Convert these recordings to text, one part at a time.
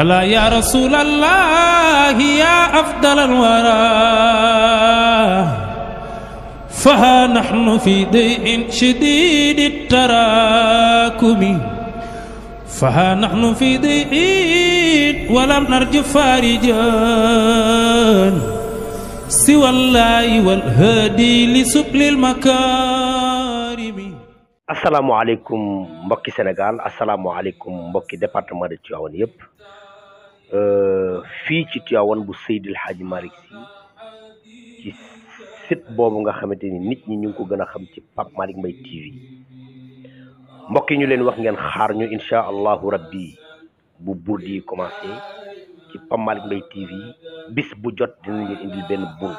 ألا يا رسول الله يا أفضل الورى فها نحن في ضيء شديد التراكم فها نحن في ضيء ولم نرج فارجا سوى الله والهادي لسبل المكارم عليكم mbokki سنغال السلام عليكم département de Tivaouane يب Fi ci Tivaouane bu Seydil Hadji Malick Sy ci site boobu nga xamante nit ñi ñu ngi ko gën xam ci Pape Malick Mbaye TV mbokk ñu leen wax ngeen xaar ñu incha allahu rabbi bu burdi commencé ci TV bis bu jot dinañ leen indil benn burd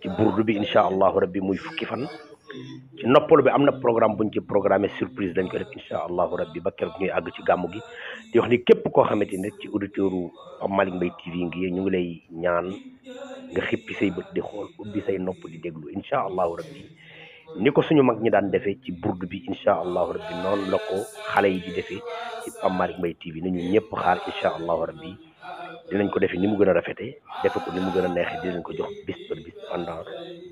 ci burdu bi incha allahu rabbi muy fukki fan ci noppalu bi am programme buñ ci programmé surprise dañ ko def incha allahu rabbi ba ñuy ci gi di wax képp koo xamante ne ci auditeur u Pape Malick Mbaye TV ngi ñu ngi lay ñaan nga xippi say bët di xool ubbi say nopp di déglu incha allahu rabbi ni ko suñu mag ñi daan defee ci burdu bi incha allahu rabbi noonu la ko xale yi di defee ci Pape Malick Mbaye TV nañu ñëpp xaar incha allahu rabbi dinañ ko defee ni mu gën a rafetee defe ko ni mu gën a di dinañ ko jox bis par bis pendant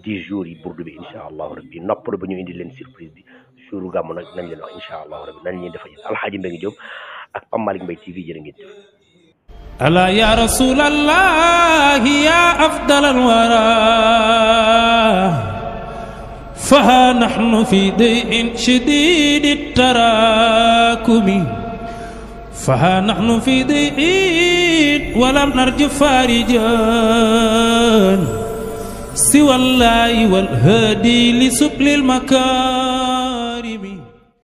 dix jours yi burdu bi incha allahu rabbi noppalu ba ñu indi leen surprise bi suuru gàmm nag nañ leen wax incha allahu rabbi nañ leen defal alxaaji Mbengue Diop ak Pape Malick Mbaye TV jërë ngeen jëf alaa yaa rasuulallahi yaa afdalal waraa fahaa fi dayin shadiidi walam narju farijan siwallaahi walhaadi li sublil makaan